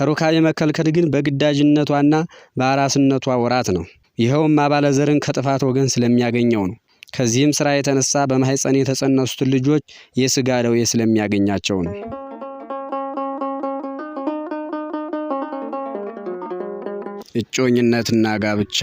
ከሩካቤ መከልከል ግን በግዳጅነቷና በአራስነቷ ወራት ነው። ይኸውም አባለ ዘርን ከጥፋት ወገን ስለሚያገኘው ነው። ከዚህም ስራ የተነሳ በማህፀን የተጸነሱትን ልጆች የስጋ ደዌ ስለሚያገኛቸው ነው። እጮኝነትና ጋብቻ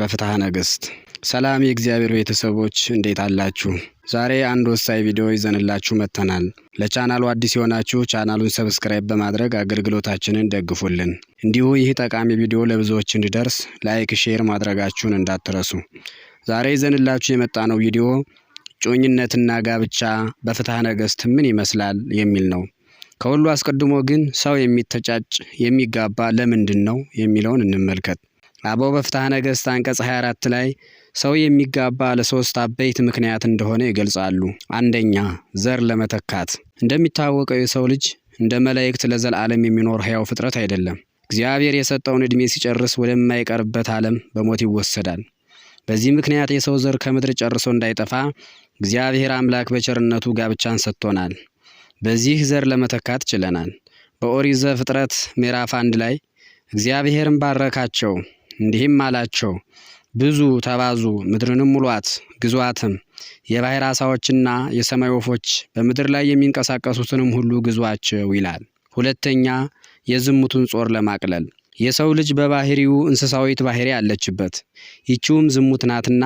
በፍትሐ ነገሥት ሰላም የእግዚአብሔር ቤተሰቦች እንዴት አላችሁ? ዛሬ አንድ ወሳኝ ቪዲዮ ይዘንላችሁ መጥተናል። ለቻናሉ አዲስ የሆናችሁ ቻናሉን ሰብስክራይብ በማድረግ አገልግሎታችንን ደግፉልን። እንዲሁ ይህ ጠቃሚ ቪዲዮ ለብዙዎች እንዲደርስ ላይክ፣ ሼር ማድረጋችሁን እንዳትረሱ። ዛሬ ይዘንላችሁ የመጣነው ቪዲዮ ጮኝነትና ጋብቻ በፍትሐ ነገሥት ምን ይመስላል የሚል ነው። ከሁሉ አስቀድሞ ግን ሰው የሚተጫጭ የሚጋባ ለምንድን ነው የሚለውን እንመልከት። አበው በፍትሐ ነገሥት አንቀጽ 24 ላይ ሰው የሚጋባ ለሶስት አበይት ምክንያት እንደሆነ ይገልጻሉ። አንደኛ ዘር ለመተካት። እንደሚታወቀው የሰው ልጅ እንደ መላእክት ለዘላለም የሚኖር ሕያው ፍጥረት አይደለም። እግዚአብሔር የሰጠውን ዕድሜ ሲጨርስ ወደማይቀርበት ዓለም በሞት ይወሰዳል። በዚህ ምክንያት የሰው ዘር ከምድር ጨርሶ እንዳይጠፋ እግዚአብሔር አምላክ በቸርነቱ ጋብቻን ሰጥቶናል። በዚህ ዘር ለመተካት ችለናል። በኦሪት ዘፍጥረት ምዕራፍ አንድ ላይ እግዚአብሔርን ባረካቸው እንዲህም አላቸው ብዙ ተባዙ ምድርንም ሙሏት ግዟትም የባህር አሳዎችና የሰማይ ወፎች በምድር ላይ የሚንቀሳቀሱትንም ሁሉ ግዟቸው ይላል። ሁለተኛ የዝሙቱን ጾር ለማቅለል የሰው ልጅ በባህሪው እንስሳዊት ባህሪ አለችበት። ይቺውም ዝሙት ናትና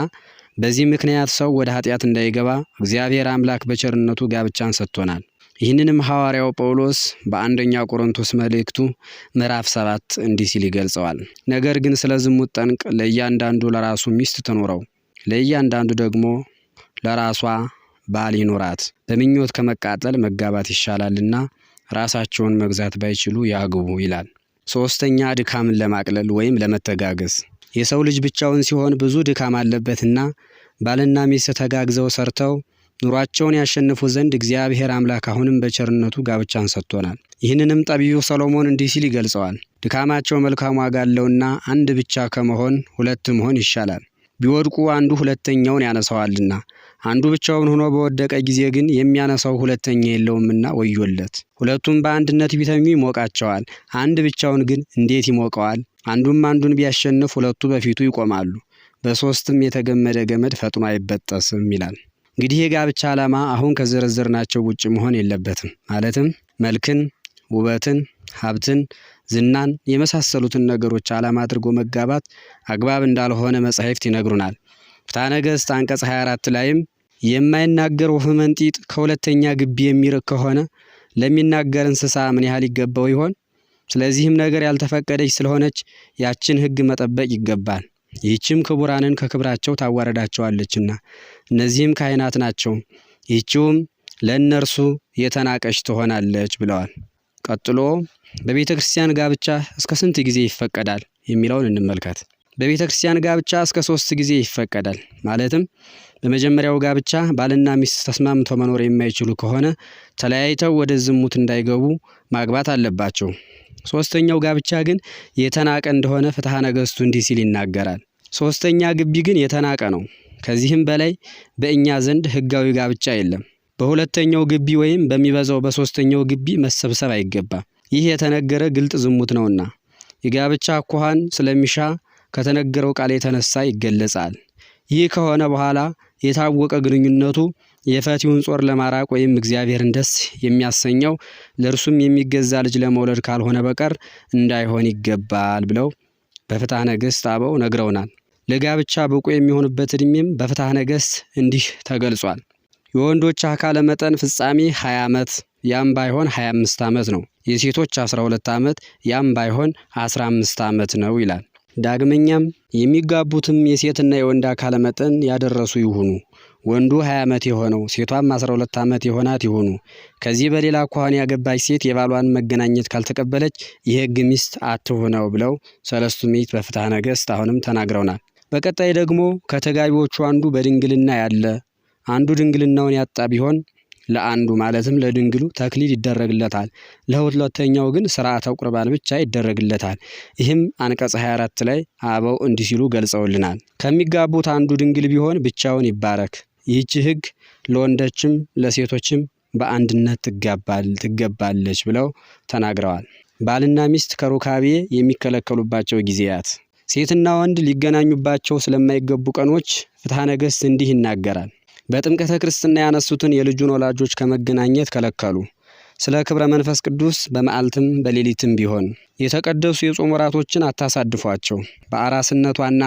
በዚህ ምክንያት ሰው ወደ ኃጢአት እንዳይገባ እግዚአብሔር አምላክ በቸርነቱ ጋብቻን ሰጥቶናል። ይህንንም ሐዋርያው ጳውሎስ በአንደኛ ቆሮንቶስ መልእክቱ ምዕራፍ ሰባት እንዲህ ሲል ይገልጸዋል። ነገር ግን ስለ ዝሙት ጠንቅ ለእያንዳንዱ ለራሱ ሚስት ትኖረው ለእያንዳንዱ ደግሞ ለራሷ ባል ይኖራት በምኞት ከመቃጠል መጋባት ይሻላልና ራሳቸውን መግዛት ባይችሉ ያግቡ ይላል። ሶስተኛ ድካምን ለማቅለል ወይም ለመተጋገዝ የሰው ልጅ ብቻውን ሲሆን ብዙ ድካም አለበትና ባልና ሚስት ተጋግዘው ሰርተው ኑሯቸውን ያሸንፉ ዘንድ እግዚአብሔር አምላክ አሁንም በቸርነቱ ጋብቻን ሰጥቶናል። ይህንንም ጠቢዩ ሰሎሞን እንዲህ ሲል ይገልጸዋል። ድካማቸው መልካም ዋጋ አለውና አንድ ብቻ ከመሆን ሁለት መሆን ይሻላል። ቢወድቁ አንዱ ሁለተኛውን ያነሳዋልና፣ አንዱ ብቻውን ሆኖ በወደቀ ጊዜ ግን የሚያነሳው ሁለተኛ የለውምና ወዮለት። ሁለቱም በአንድነት ቢተኙ ይሞቃቸዋል፣ አንድ ብቻውን ግን እንዴት ይሞቀዋል? አንዱም አንዱን ቢያሸንፍ ሁለቱ በፊቱ ይቆማሉ። በሦስትም የተገመደ ገመድ ፈጥኖ አይበጠስም ይላል። እንግዲህ የጋብቻ ዓላማ አሁን ከዘረዘርናቸው ውጭ መሆን የለበትም። ማለትም መልክን፣ ውበትን፣ ሀብትን፣ ዝናን የመሳሰሉትን ነገሮች ዓላማ አድርጎ መጋባት አግባብ እንዳልሆነ መጻሕፍት ይነግሩናል። ፍትሐ ነገሥት አንቀጽ 24 ላይም የማይናገር ወፍመን ጢጥ ከሁለተኛ ግቢ የሚርቅ ከሆነ ለሚናገር እንስሳ ምን ያህል ይገባው ይሆን? ስለዚህም ነገር ያልተፈቀደች ስለሆነች ያችን ሕግ መጠበቅ ይገባል። ይህችም ክቡራንን ከክብራቸው ታዋረዳቸዋለችና እነዚህም ካህናት ናቸው፣ ይህችውም ለእነርሱ የተናቀች ትሆናለች ብለዋል። ቀጥሎ በቤተ ክርስቲያን ጋብቻ እስከ ስንት ጊዜ ይፈቀዳል የሚለውን እንመልከት። በቤተ ክርስቲያን ጋብቻ እስከ ሶስት ጊዜ ይፈቀዳል። ማለትም በመጀመሪያው ጋብቻ ባልና ሚስት ተስማምቶ መኖር የማይችሉ ከሆነ ተለያይተው ወደ ዝሙት እንዳይገቡ ማግባት አለባቸው። ሶስተኛው ጋብቻ ግን የተናቀ እንደሆነ ፍትሐ ነገሥቱ እንዲህ ሲል ይናገራል። ሶስተኛ ግቢ ግን የተናቀ ነው። ከዚህም በላይ በእኛ ዘንድ ህጋዊ ጋብቻ የለም። በሁለተኛው ግቢ ወይም በሚበዛው በሶስተኛው ግቢ መሰብሰብ አይገባም። ይህ የተነገረ ግልጥ ዝሙት ነውና የጋብቻ አኳኋን ስለሚሻ ከተነገረው ቃል የተነሳ ይገለጻል። ይህ ከሆነ በኋላ የታወቀ ግንኙነቱ የፈቲውን ጾር ለማራቅ ወይም እግዚአብሔርን ደስ የሚያሰኘው ለእርሱም የሚገዛ ልጅ ለመውለድ ካልሆነ በቀር እንዳይሆን ይገባል ብለው በፍትሐ ነገሥት አበው ነግረውናል። ለጋብቻ ብቁ የሚሆንበት ዕድሜም በፍትሐ ነገሥት እንዲህ ተገልጿል። የወንዶች አካለ መጠን ፍጻሜ 20 ዓመት ያም ባይሆን 25 ዓመት ነው። የሴቶች 12 ዓመት ያም ባይሆን 15 ዓመት ነው ይላል። ዳግመኛም የሚጋቡትም የሴትና የወንድ አካለ መጠን ያደረሱ ይሁኑ ወንዱ 20 ዓመት የሆነው ሴቷም 12 ዓመት የሆናት ይሆኑ ከዚህ በሌላ ኳህን ያገባች ሴት የባሏን መገናኘት ካልተቀበለች የሕግ ሚስት አትሁነው ብለው ሰለስቱ ምዕት በፍትሐ ነገሥት አሁንም ተናግረውናል። በቀጣይ ደግሞ ከተጋቢዎቹ አንዱ በድንግልና ያለ አንዱ ድንግልናውን ያጣ ቢሆን ለአንዱ ማለትም ለድንግሉ ተክሊል ይደረግለታል። ለሁለተኛው ግን ስርዓተ ቁርባን ብቻ ይደረግለታል። ይህም አንቀጽ 24 ላይ አበው እንዲህ ሲሉ ገልጸውልናል። ከሚጋቡት አንዱ ድንግል ቢሆን ብቻውን ይባረክ። ይህች ህግ ለወንዶችም ለሴቶችም በአንድነት ትገባለች ብለው ተናግረዋል። ባልና ሚስት ከሩካቤ የሚከለከሉባቸው ጊዜያት ሴትና ወንድ ሊገናኙባቸው ስለማይገቡ ቀኖች ፍትሐ ነገሥት እንዲህ ይናገራል። በጥምቀተ ክርስትና ያነሱትን የልጁን ወላጆች ከመገናኘት ከለከሉ። ስለ ክብረ መንፈስ ቅዱስ በመዓልትም በሌሊትም ቢሆን የተቀደሱ የጾም ወራቶችን አታሳድፏቸው። በአራስነቷና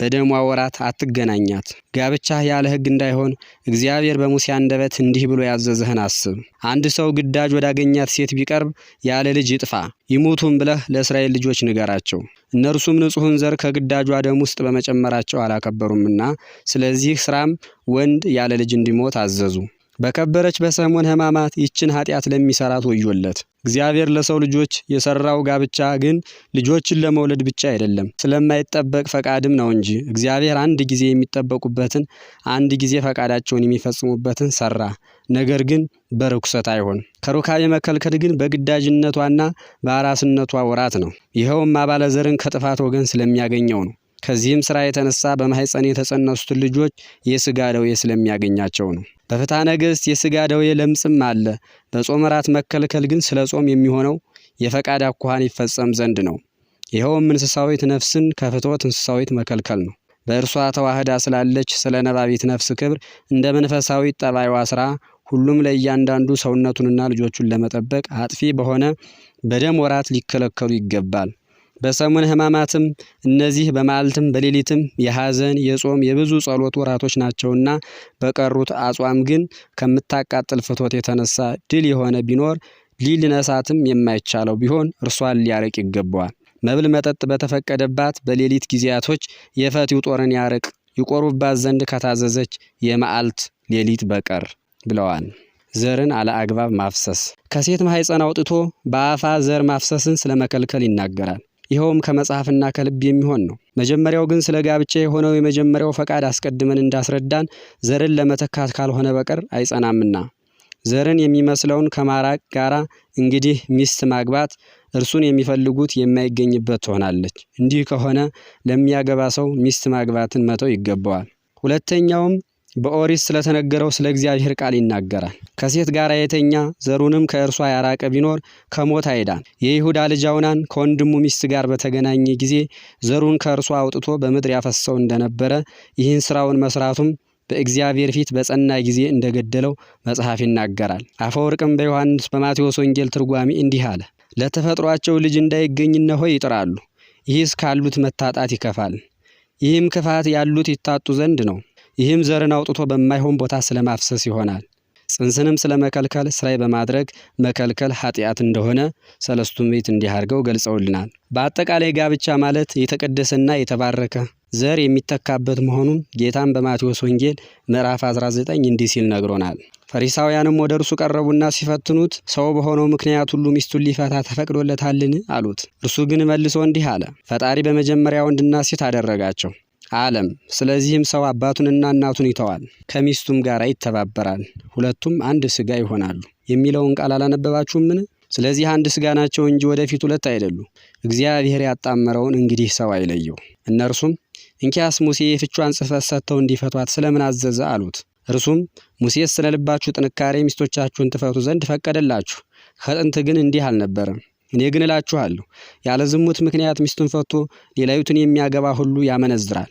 በደሟ ወራት አትገናኛት። ጋብቻህ ያለ ሕግ እንዳይሆን እግዚአብሔር በሙሴ አንደበት እንዲህ ብሎ ያዘዘህን አስብ። አንድ ሰው ግዳጅ ወዳገኛት ሴት ቢቀርብ ያለ ልጅ ይጥፋ ይሙቱም ብለህ ለእስራኤል ልጆች ንገራቸው። እነርሱም ንጹሕን ዘር ከግዳጇ ደም ውስጥ በመጨመራቸው አላከበሩምና፣ ስለዚህ ስራም ወንድ ያለ ልጅ እንዲሞት አዘዙ። በከበረች በሰሙነ ሕማማት ይችን ኃጢአት ለሚሰራት ወዮለት። እግዚአብሔር ለሰው ልጆች የሰራው ጋብቻ ግን ልጆችን ለመውለድ ብቻ አይደለም፣ ስለማይጠበቅ ፈቃድም ነው እንጂ እግዚአብሔር አንድ ጊዜ የሚጠበቁበትን አንድ ጊዜ ፈቃዳቸውን የሚፈጽሙበትን ሰራ። ነገር ግን በርኩሰት አይሆን። ከሩካቤ መከልከል ግን በግዳጅነቷና በአራስነቷ ወራት ነው። ይኸውም አባለ ዘርን ከጥፋት ወገን ስለሚያገኘው ነው። ከዚህም ስራ የተነሳ በማህፀን የተጸነሱትን ልጆች የስጋ ደዌ ስለሚያገኛቸው ነው። በፍትሐ ነገሥት የሥጋ ደዌ ለምጽም አለ። በጾም እራት መከልከል ግን ስለ ጾም የሚሆነው የፈቃድ አኳኋን ይፈጸም ዘንድ ነው። ይኸውም እንስሳዊት ነፍስን ከፍትወት እንስሳዊት መከልከል ነው። በእርሷ ተዋህዳ ስላለች ስለ ነባቢት ነፍስ ክብር እንደ መንፈሳዊ ጠባይዋ ስራ ሁሉም ለእያንዳንዱ ሰውነቱንና ልጆቹን ለመጠበቅ አጥፊ በሆነ በደም ወራት ሊከለከሉ ይገባል። በሰሙን ሕማማትም እነዚህ በማልትም በሌሊትም የሐዘን የጾም የብዙ ጸሎት ወራቶች ናቸውና በቀሩት አጽዋም ግን ከምታቃጥል ፍቶት የተነሳ ድል የሆነ ቢኖር ሊልነሳትም የማይቻለው ቢሆን እርሷን ሊያረቅ ይገባዋል። መብል መጠጥ በተፈቀደባት በሌሊት ጊዜያቶች የፈትው ጦርን ያርቅ ይቆሩባት ዘንድ ከታዘዘች የመዓልት ሌሊት በቀር ብለዋል። ዘርን አለ አግባብ ማፍሰስ ከሴት ማህፀን አውጥቶ በአፋ ዘር ማፍሰስን ስለመከልከል ይናገራል። ይኸውም ከመጽሐፍና ከልብ የሚሆን ነው። መጀመሪያው ግን ስለ ጋብቻ የሆነው የመጀመሪያው ፈቃድ አስቀድመን እንዳስረዳን ዘርን ለመተካት ካልሆነ በቀር አይጸናምና ዘርን የሚመስለውን ከማራቅ ጋራ እንግዲህ ሚስት ማግባት እርሱን የሚፈልጉት የማይገኝበት ትሆናለች። እንዲህ ከሆነ ለሚያገባ ሰው ሚስት ማግባትን መተው ይገባዋል። ሁለተኛውም በኦሪት ስለተነገረው ስለ እግዚአብሔር ቃል ይናገራል። ከሴት ጋር የተኛ ዘሩንም ከእርሷ ያራቀ ቢኖር ከሞት አይዳን። የይሁዳ ልጅ አውናን ከወንድሙ ሚስት ጋር በተገናኘ ጊዜ ዘሩን ከእርሷ አውጥቶ በምድር ያፈሰው እንደነበረ ይህን ስራውን መስራቱም በእግዚአብሔር ፊት በጸና ጊዜ እንደገደለው መጽሐፍ ይናገራል። አፈወርቅም በዮሐንስ በማቴዎስ ወንጌል ትርጓሚ እንዲህ አለ። ለተፈጥሯቸው ልጅ እንዳይገኝ እነሆይ ይጥራሉ፣ ይህስ ካሉት መታጣት ይከፋል። ይህም ክፋት ያሉት ይታጡ ዘንድ ነው። ይህም ዘርን አውጥቶ በማይሆን ቦታ ስለማፍሰስ ይሆናል። ጽንስንም ስለመከልከል ስራይ በማድረግ መከልከል ኃጢአት እንደሆነ ሰለስቱ ቤት እንዲህ አድርገው ገልጸውልናል። በአጠቃላይ ጋብቻ ማለት የተቀደሰና የተባረከ ዘር የሚተካበት መሆኑን ጌታም በማቴዎስ ወንጌል ምዕራፍ 19 እንዲህ ሲል ነግሮናል። ፈሪሳውያንም ወደ እርሱ ቀረቡና ሲፈትኑት ሰው በሆነው ምክንያት ሁሉ ሚስቱን ሊፈታ ተፈቅዶለታልን? አሉት። እርሱ ግን መልሶ እንዲህ አለ፣ ፈጣሪ በመጀመሪያ ወንድና ሴት አደረጋቸው አለም። ስለዚህም ሰው አባቱንና እናቱን ይተዋል፣ ከሚስቱም ጋር ይተባበራል፣ ሁለቱም አንድ ስጋ ይሆናሉ የሚለውን ቃል አላነበባችሁምን? ስለዚህ አንድ ስጋ ናቸው እንጂ ወደፊት ሁለት አይደሉ። እግዚአብሔር ያጣመረውን እንግዲህ ሰው አይለየው። እነርሱም እንኪያስ ሙሴ የፍቿን ጽሕፈት ሰጥተው እንዲፈቷት ስለምን አዘዘ አሉት። እርሱም ሙሴስ ስለ ልባችሁ ጥንካሬ ሚስቶቻችሁን ትፈቱ ዘንድ ፈቀደላችሁ፣ ከጥንት ግን እንዲህ አልነበረም። እኔ ግን እላችኋለሁ ያለ ዝሙት ምክንያት ሚስቱን ፈቶ ሌላዊቱን የሚያገባ ሁሉ ያመነዝራል፣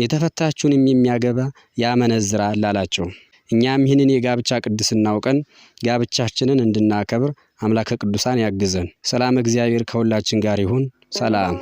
የተፈታችሁንም የሚያገባ ያመነዝራል አላቸው። እኛም ይህንን የጋብቻ ቅድስና አውቀን ጋብቻችንን እንድናከብር አምላከ ቅዱሳን ያግዘን። ሰላም፣ እግዚአብሔር ከሁላችን ጋር ይሁን። ሰላም